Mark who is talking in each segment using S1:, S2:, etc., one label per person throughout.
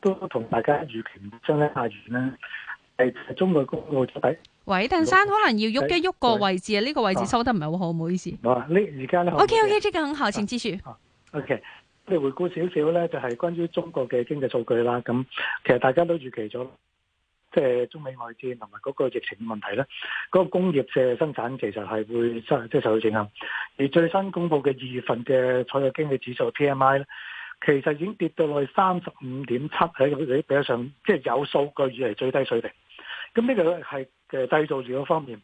S1: 都同大家預期唔將咧阿遠咧，誒，中國公佈咗。
S2: 喂，鄧生，可能要喐一喐個位置啊！呢對個位置收得唔係好好，唔、啊、好意思。
S1: 哇，呢而家咧。OK OK，
S2: 即個很好，請繼續。OK，
S1: 即係你回顧少少咧，就係、是、關於中國嘅經濟數據啦。咁其實大家都預期咗，即、就、係、是、中美外戰同埋嗰個疫情嘅問題咧，嗰、那個工業嘅生產其實係會受即係受到影響。而最新公佈嘅二月份嘅採購經理指數 PMI 咧。PM I, 其實已經跌到去三十五點七，喺比較上，即係有數據以嚟最低水平。咁呢個係嘅製造業嗰方面，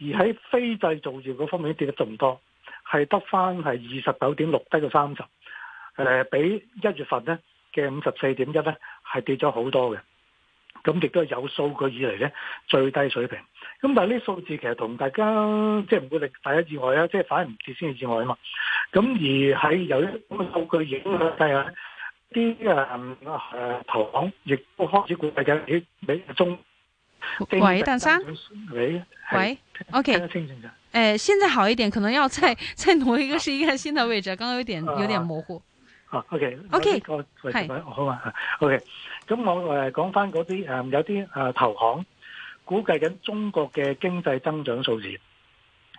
S1: 而喺非製造業嗰方面跌得仲多，係得翻係二十九點六低到三十，誒比一月份咧嘅五十四點一咧係跌咗好多嘅。咁亦都係有數據以嚟咧最低水平。咁但係呢數字其實同大家，即係唔會令大家意外啊，即係反而唔知先至意外啊嘛。咁而喺有一個數據但、嗯啊、亦都底下，啲誒誒投行亦都開始估計嘅。你你中喂鄧生喂
S2: 喂 OK 誒、呃，現在好一點可能要再再挪一個是一個新的位置，啊、剛剛有點有點、啊、有點模糊。
S1: o k 呢個位置好啊，OK, okay。咁我誒講翻嗰啲誒有啲誒投行估計緊中國嘅經濟增長數字。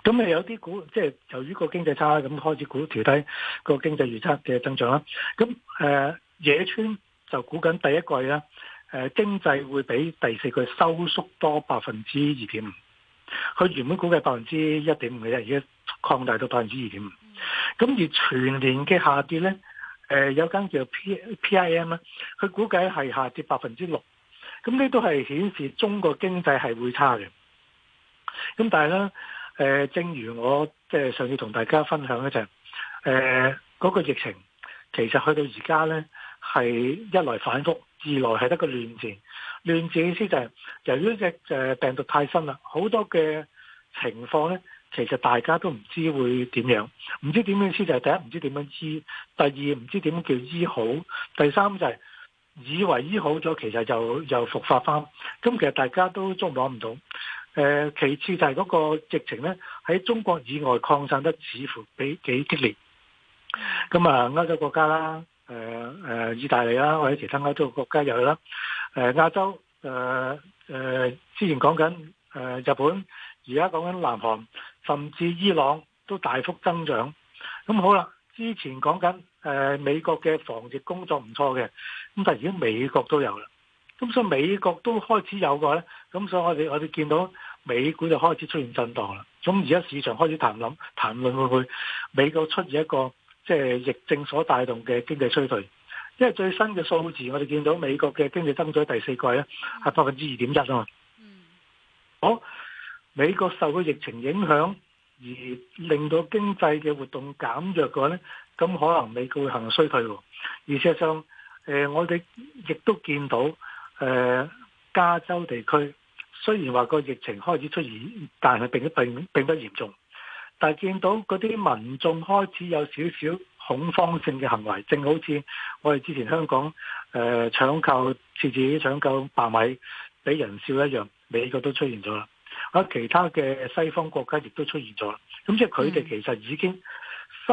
S1: 咁誒有啲估，即、就、係、是、由於個經濟差咁開始估調低個經濟預測嘅增長啦。咁誒野村就估緊第一季咧誒經濟會比第四季收縮多百分之二點五。佢原本估計百分之一點五嘅啫，而家擴大到百分之二點五。咁而全年嘅下跌咧。誒有間叫做 P P I M 啦，佢估計係下跌百分之六，咁呢都係顯示中國經濟係會差嘅。咁但係咧，正如我即係上次同大家分享咧就係，誒、那、嗰個疫情其實去到而家咧係一來反覆，二來係得個亂戰。亂戰意思就係由於隻誒病毒太新啦，好多嘅情況咧。其實大家都唔知會點樣，唔知點樣醫，就係第一唔知點樣醫，第二唔知點樣叫醫好，第三就係、是、以為醫好咗，其實就又復發翻。咁其實大家都捉摸唔到。誒、呃，其次就係嗰個疫情咧喺中國以外擴散得似乎幾幾激烈。咁啊，歐洲國家啦，誒、呃、誒，意大利啦，或者其他歐洲國家又去啦。誒、呃，亞洲誒誒、呃，之前講緊誒日本，而家講緊南韓。甚至伊朗都大幅增長，咁好啦。之前講緊、呃、美國嘅防疫工作唔錯嘅，咁但係而家美國都有啦，咁所以美國都開始有嘅話咧，咁所以我哋我哋見到美股就開始出現震盪啦。咁而家市場開始談諗談論會唔會美國出現一個即係、就是、疫症所帶動嘅經濟衰退？因為最新嘅數字，我哋見到美國嘅經濟增長第四季咧係百分之二點一啊。嗯，嗯，好。美國受個疫情影響而令到經濟嘅活動減弱嘅話咧，咁可能美國會行衰退喎。而事實上誒、呃，我哋亦都見到誒、呃，加州地區雖然話個疫情開始出現，但係並並並不嚴重。但係見到嗰啲民眾開始有少少恐慌性嘅行為，正好似我哋之前香港誒搶購廁紙，搶購白米俾人笑一樣，美國都出現咗啦。喺其他嘅西方國家亦都出現咗，咁即係佢哋其實已經、嗯、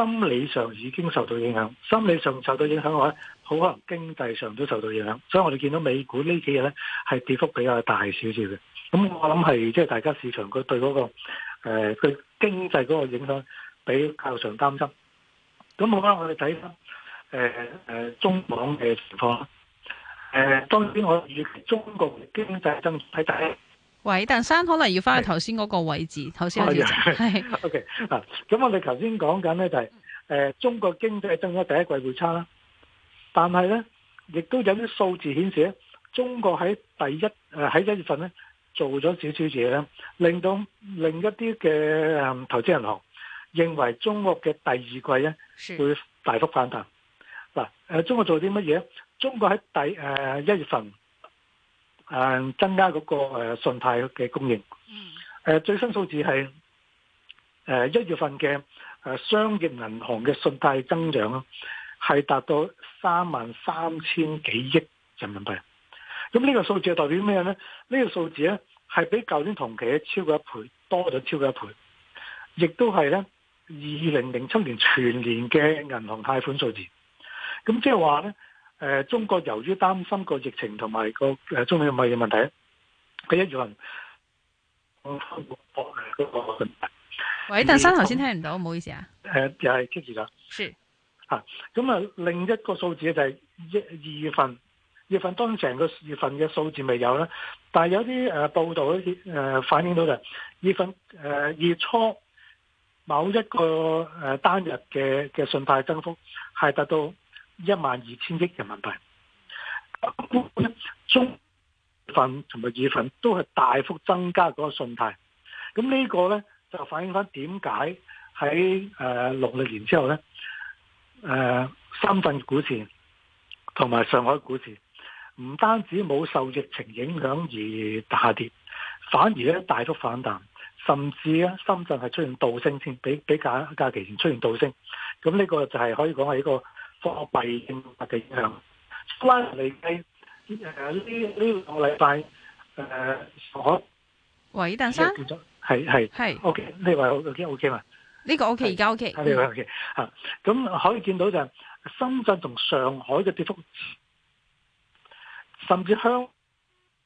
S1: 心理上已經受到影響，心理上受到影響嘅話，好可能經濟上都受到影響。所以我哋見到美股這幾東西呢幾日咧係跌幅比較大少少嘅。咁我諗係即係大家市場佢對嗰、那個誒佢、呃、經濟嗰個影響比較上擔心。咁好啦，我哋睇翻誒誒中港嘅情況啦。誒、呃，當然我與中國的經濟增長睇睇。
S2: 喂，鄧生可能要翻去頭先嗰個位置，頭先開始係。
S1: O K，嗱，咁我哋頭先講緊咧就係、是，誒、呃，中國經濟增咗第一季會差啦，但係咧，亦都有啲數字顯示咧，中國喺第一誒喺一月份咧做咗少少嘢咧，令到另一啲嘅誒投資銀行認為中國嘅第二季咧是會大幅反彈。嗱，誒，中國做啲乜嘢咧？中國喺第誒一、呃、月份。誒，增加嗰個誒信貸嘅供應。誒，最新數字係誒一月份嘅誒商業銀行嘅信貸增長係係達到三萬三千幾億人民幣。咁呢個數字係代表咩咧？呢、呢個數字咧係比舊年同期超過一倍，多咗超過一倍。亦都係咧二零零七年全年嘅銀行貸款數字。咁即係話咧。誒、呃，中國由於擔心個疫情同埋個誒中美貿易嘅問題，佢一月份，喂，鄧生頭先、嗯、聽
S2: 唔到，唔好意思啊。誒、呃，
S1: 又係 keep 住啦。
S2: 是。
S1: 吓，咁是啊，另一個數字就係一二月份，二月份當成個二月份嘅數字未有啦，但係有啲誒報道誒反映到就是，二月份誒月、呃、初某一個誒單日嘅嘅信貸增幅，係達到。一萬二千億人民幣，中份同埋二份都係大幅增加嗰個信貸，咁呢個呢，就反映翻點解喺誒農曆年之後呢，誒、呃、深圳股市同埋上海股市唔單止冇受疫情影響而大跌，反而咧大幅反彈，甚至咧深圳係出現倒升，比比假假期前出現倒升，咁呢個就係可以講係一個。貨幣引發嘅影響。翻嚟嘅，誒呢呢個禮拜，誒所，
S2: 喂，鄧生係
S1: 係係，O K，呢位 O K O K 嘛？
S2: 呢個 O K，而家 O K。呢
S1: 位 O K，吓，咁可以見到就係深圳同上海嘅跌幅，甚至香，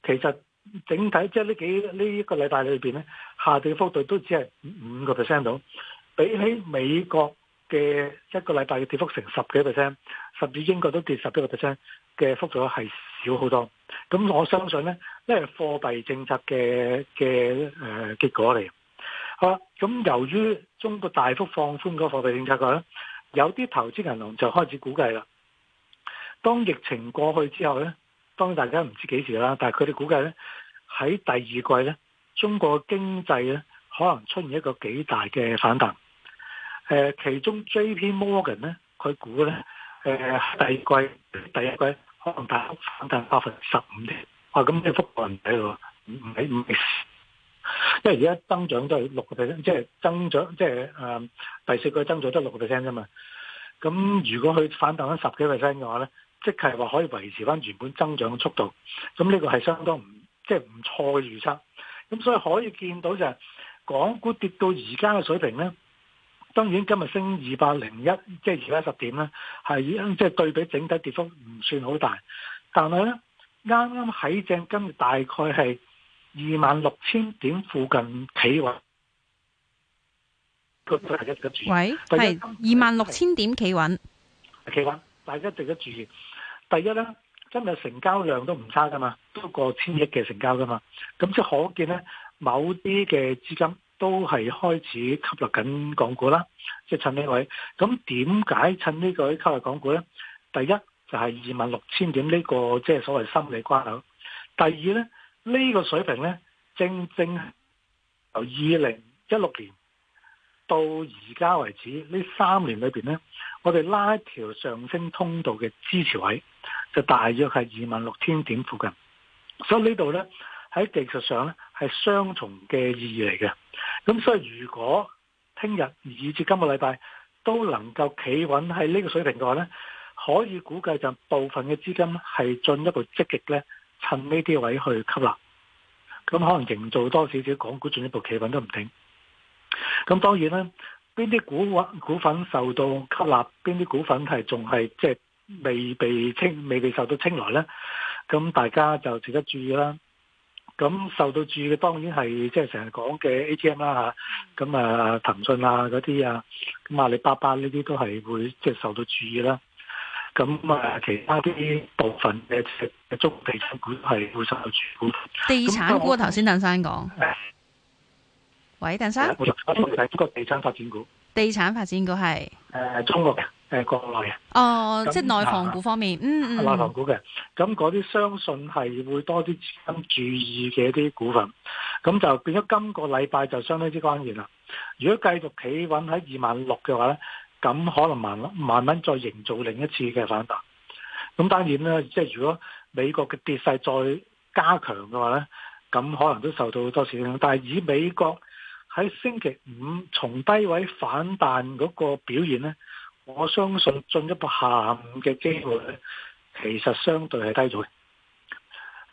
S1: 其實整體即係呢幾呢一個禮拜裏邊咧，下跌幅度都只係五五個 percent 到，比起美國。嘅一個禮拜嘅跌幅成十幾個 percent，甚至英國都跌十幾個 percent 嘅幅度係少好多。咁我相信呢，因為貨幣政策嘅嘅誒結果嚟。好啦，咁由於中國大幅放寬個貨幣政策嘅話咧，有啲投資銀行就開始估計啦。當疫情過去之後呢，當然大家唔知幾時啦，但係佢哋估計呢，喺第二季呢，中國經濟呢，可能出現一個幾大嘅反彈。誒，其中 J.P.Morgan 咧，佢估咧，誒第二季、第一季可能大幅反彈百分之十五啲，哇、哦！咁你幅度唔抵喎，唔唔係唔係，因為而家增長都係六個 percent，即係增長，即係誒、嗯、第四季增長得六個 percent 啫嘛。咁如果佢反彈翻十幾個 percent 嘅話咧，即係話可以維持翻原本增長嘅速度，咁呢個係相當唔即係唔錯嘅預測。咁所以可以見到就係港股跌到而家嘅水平咧。當然今日升二百零一，即係而家十點咧，係已經即係對比整體跌幅唔算好大，但係咧，啱啱喺正今日大概係二萬六千點附近企穩，個大家一格注意。喂，係二萬六千
S2: 點企穩，
S1: 企穩，大家注意注意。第一咧，今日成交量都唔差噶嘛，都過千億嘅成交噶嘛，咁即係可見咧，某啲嘅資金，都係開始吸納緊港股啦，即係趁呢位。咁點解趁呢個吸納港股呢？第一就係二萬六千點呢個即係所謂心理關口。第二呢，呢個水平呢，正正由二零一六年到而家為止呢三年裏邊呢，我哋拉一條上升通道嘅支持位，就大約係二萬六千點附近。所以呢度呢，喺技術上呢。係雙重嘅意義嚟嘅，咁所以如果聽日以至今個禮拜都能夠企穩喺呢個水平嘅話呢，可以估計就部分嘅資金係進一步積極呢，趁呢啲位去吸納，咁可能營造多少少港股進一步企穩都唔定。咁當然啦，邊啲股股份受到吸納，邊啲股份係仲係即係未被清、未被受到青睞呢？咁大家就值得注意啦。咁受到注意嘅當然係即係成日講嘅 ATM 啦吓，咁啊騰訊啊嗰啲啊，咁阿里巴巴呢啲都係會即係受到注意啦。咁啊其他啲部分嘅食嘅中地產股係會受到注意。啊、
S2: 地產股啊，頭先鄧生講。喂，鄧生。
S1: 冇錯，我係講地產發展股。
S2: 地產發展股係。
S1: 誒，中國嘅。誒，國內嘅哦，嗯、即係內房股
S2: 方面，嗯嗯，內
S1: 房股嘅，咁嗰啲相信係會多啲資金注意嘅一啲股份，咁就變咗今個禮拜就相當之關鍵啦。如果繼續企穩喺二萬六嘅話咧，咁可能慢慢慢再營造另一次嘅反彈。咁當然啦，即係如果美國嘅跌勢再加強嘅話咧，咁可能都受到多少影響。但係以美國喺星期五從低位反彈嗰個表現咧。我相信進一步下午嘅機會其實相對係低咗嘅，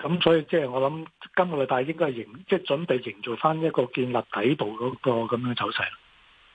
S1: 咁所以即係我諗，今個禮拜應該營即係、就是、準備營造返一個建立底部嗰個咁樣嘅走勢。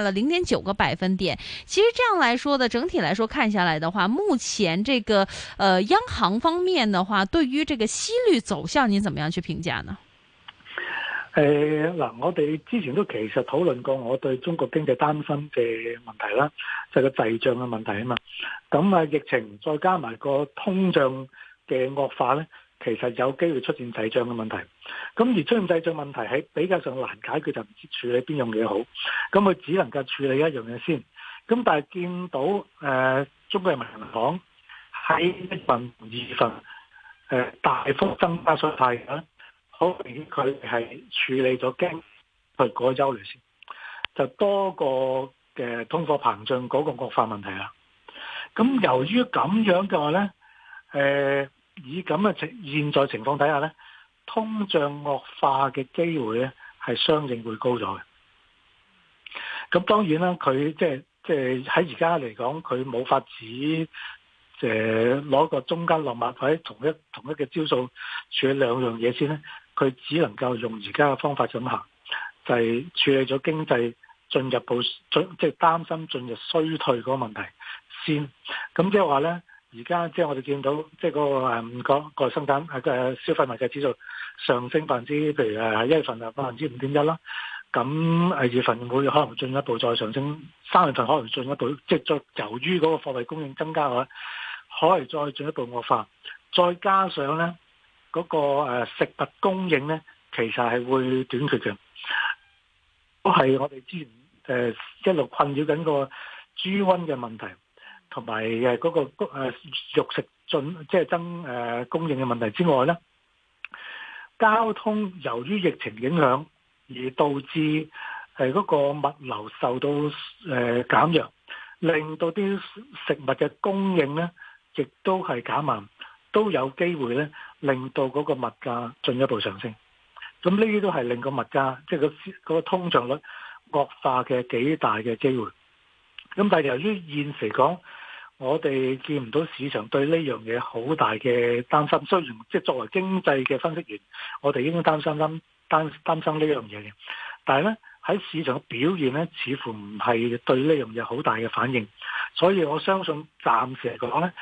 S2: 了零點九個百分點。其實這樣來說的，整體來說看下來的話，目前這個呃央行方面的話，對於這個息率走向，你怎麼樣去評價呢？誒、
S1: 呃，嗱，我哋之前都其實討論過，我對中國經濟擔心嘅問題啦，就係，個滯脹嘅問題啊嘛。咁啊，疫情再加埋個通脹嘅惡化咧。其實有機會出現滯脹嘅問題，咁而出現滯脹問題喺比較上難解決，就唔知處理邊樣嘢好。咁佢只能夠處理一樣嘢先。咁但係見到誒中國人民銀行喺一月份、二月份誒大幅增加信貸啊，好明顯佢係處理咗驚去改週率先，就多過嘅通貨膨脹嗰個惡化問題啦。咁由於咁樣嘅話咧，誒。以咁嘅情，現在情況底下咧，通脹惡化嘅機會咧，係相應會高咗嘅。咁當然啦，佢即係即係喺而家嚟講，佢冇法子誒攞個中間落墨，或者同一同一個招數處理兩樣嘢先咧。佢只能夠用而家嘅方法進行，就係處理咗經濟進入部，即係擔心進入衰退嗰個問題先。咁即係話咧。而家即係我哋見到，即係嗰個唔五、嗰個嗰個生產誒嘅、嗰個、消費物價指數上升百分之，譬如誒一月份係百分之五點一啦。咁二月份會可能進一步再上升，三月份可能進一步，即、就、係、係、再由於嗰個貨幣供應增加嘅話，可能再進一步惡化。再加上咧，嗰、嗰個食物供應咧，其實係會短缺嘅，都係我哋之前誒、就是、一路困擾緊個豬瘟嘅問題。同埋嘅嗰個誒肉食進即係增誒供應嘅問題之外咧，交通由於疫情影響而導致誒嗰個物流受到誒減弱，令到啲食物嘅供應咧亦都係減慢，都有機會咧令到嗰個物價進一步上升。咁呢啲都係令個物價即係個個通脹率惡化嘅幾大嘅機會。咁但係由於現時講。我哋見唔到市場對呢樣嘢好大嘅擔心，雖然即係作為經濟嘅分析員，我哋應該擔心擔擔心呢樣嘢嘅，但係咧喺市場嘅表現咧，似乎唔係對呢樣嘢好大嘅反應，所以我相信暫時嚟講咧，誒、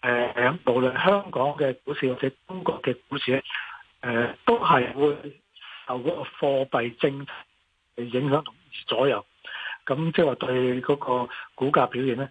S1: 呃、無論香港嘅股市或者中國嘅股市咧，誒、呃、都係會受嗰個貨幣政策影響同左右，咁即係話對嗰個股價表現咧。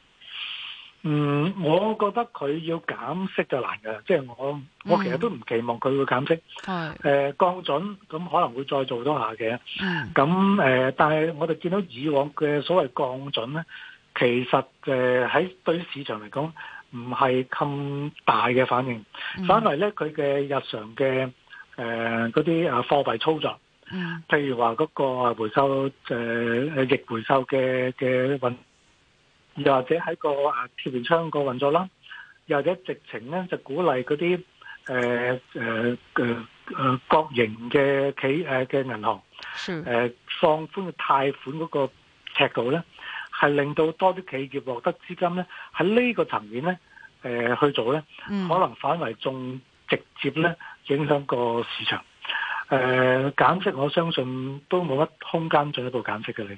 S1: 嗯，我覺得佢要減息就難㗎。即、就、係、是、我我其實都唔期望佢會減息。係、嗯呃、降準咁可能會再做多下嘅。咁誒是、呃，但係我哋見到以往嘅所謂降準咧，其實誒喺、呃、對於市場嚟講唔係咁大嘅反應。嗯、反為咧佢嘅日常嘅誒嗰啲啊貨幣操作，譬如話嗰個回收誒逆、呃、回收嘅嘅運。又或者喺個啊貼現窗個運作啦，又或者直情咧就鼓勵嗰啲誒誒誒誒國營嘅企誒嘅、呃、銀行誒放寬嘅貸款嗰個尺度咧，係令到多啲企業獲得資金咧喺呢個層面咧誒、呃、去做咧，可能反為仲直接咧影響個市場誒、呃、減息，我相信都冇乜空間進一步減息嘅你。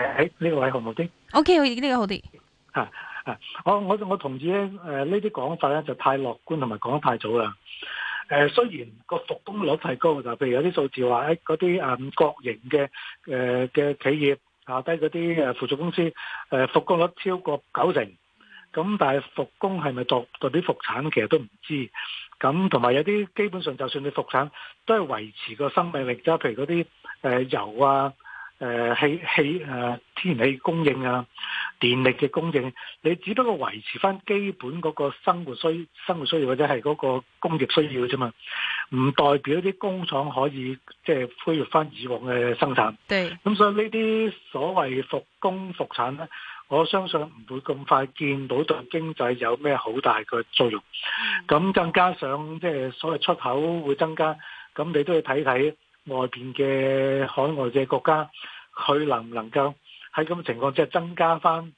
S1: 誒，呢、哎，這個位置好
S2: 唔好？丁，OK，呢個好啲。
S1: 吓吓，我我我同意咧，誒、呃，呢啲講法咧就太樂觀，同埋講得太早啦。誒、呃，雖然個復工率太高，就譬如有啲數字話喺嗰啲誒國營嘅誒嘅企業下低嗰啲誒輔助公司，誒、呃、復工率超過九成，咁但係復工係咪代代表復產其實都唔知。咁同埋有啲基本上就算你復產，都係維持個生命力啫。譬如嗰啲誒油啊。誒氣氣誒天然氣供應啊，電力嘅供應，你只不過維持翻基本嗰個生活需要生活需要或者係嗰個工業需要啫嘛，唔代表啲工廠可以即係恢復翻以往嘅生產。咁對所以呢啲所謂復工復產咧，我相信唔會咁快見到對經濟有咩好大嘅作用。咁、嗯、更加上即係所謂出口會增加，咁你都要睇睇。外邊嘅海外嘅國家，佢能唔能夠喺咁嘅情況之下增加翻，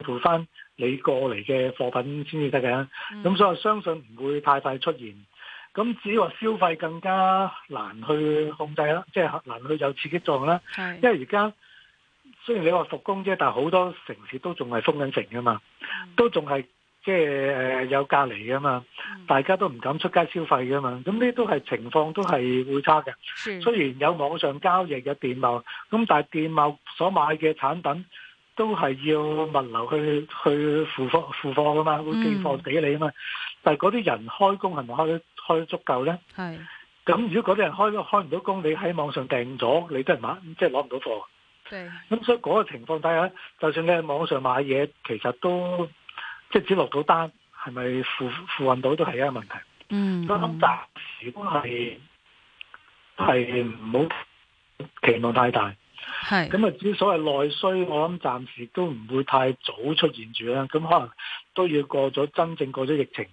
S1: 付翻你過嚟嘅貨品先至得嘅。咁、嗯、所以我相信唔會太快出現。咁至於話消費更加難去控制啦，即係難去有刺激作用啦。係。因為而家雖然你話復工啫，但係好多城市都仲係封緊城㗎嘛，都仲係。即係誒有隔離啊嘛，大家都唔敢出街消費嘅嘛，咁呢都係情況都係會差嘅。雖然有網上交易有電貿，咁但係電貿所買嘅產品都係要物流去去付貨付貨噶嘛，會寄貨俾你嘛。但係嗰啲人開工係咪開得開得足夠咧？係。咁如果嗰啲人開都開唔到工，你喺網上訂咗，你都係買，即係攞唔到貨。係。咁所以嗰個情況底下，就算你喺網上買嘢，其實都～即係只落到單，係咪付付運到都係一個問題。嗯、mm，hmm. 我諗暫時都係係唔好期望太大。係咁啊，hmm. 咁至於所謂內需，我諗暫時都唔會太早出現住啦。咁可能都要過咗真正過咗疫情。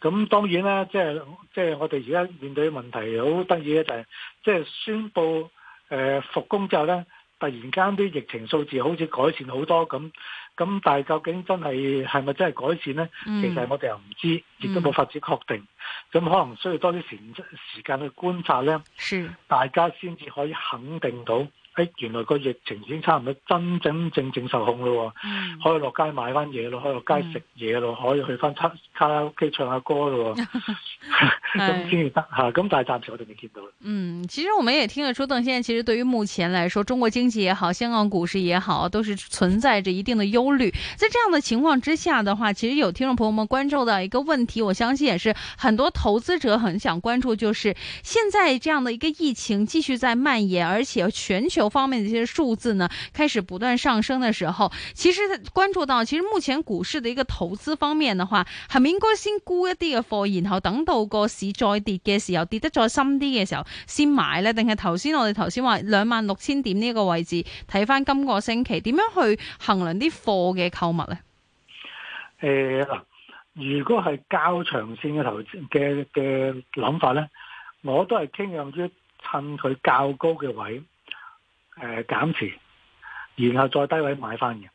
S1: 咁當然啦，即係即係我哋而家面對嘅問題好得意嘅，就係即係宣布誒、呃、復工之後咧，突然間啲疫情數字好似改善好多咁。咁咁但係究竟真係係咪真係改善咧？嗯、其實我哋又唔知，亦都冇法子確定。咁、嗯、可能需要多啲時時間去觀察咧，是大家先至可以肯定到。原來個疫情已經差唔多真真正，正正受控咯，哦嗯，可以落街買翻嘢咯，可以落街食嘢咯，可以去翻出卡，卡拉 OK 唱下歌咯，咁
S2: 先至
S1: 得吓。咁 但係暫時我哋未見到。嗯，
S2: 其實我們也聽得出鄧先生其實對於目前來說，中國經濟也好，香港股市也好，都是存在着一定的憂慮。在這樣的情況之下的話，其實有聽眾朋友們關注到一個問題，我相信也是很多投資者很想關注，就是現在這樣的一個疫情繼續在蔓延，而且全球，方面嘅呢啲數字呢，開始不斷上升嘅時候，其實關注到，其實目前股市嘅一個投資方面嘅話，係咪應該先沽一啲嘅貨，然後等到個市再跌嘅時候，跌得再深啲嘅時候先買呢，定係頭先我哋頭先話兩萬六千點呢個位置，睇翻今個星期點樣去衡量啲貨嘅購物呢？誒
S1: 嗱、呃，如果係較長線嘅投資嘅嘅諗法呢，我都係傾向於趁佢較高嘅位。誒，減持，呃，然後再低位買翻嘅。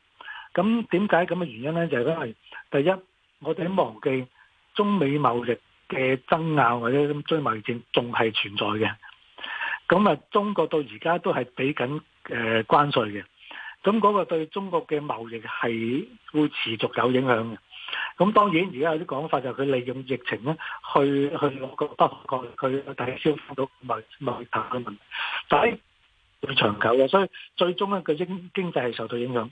S1: 咁點解咁嘅原因咧？就係、是、因為第一，我哋忘記中美貿易嘅爭拗或者咁追貿易戰仲係存在嘅。咁啊，中國到而家都係俾緊誒關稅嘅。咁嗰，那個對中國嘅貿易係會持續有影響嘅。咁當然而家有啲講法就佢、是，利用疫情咧去去攞個國佢但係抵消到貿易貿易戰嘅問題，但係。會長久嘅，所以最終咧佢經經濟係受到影響。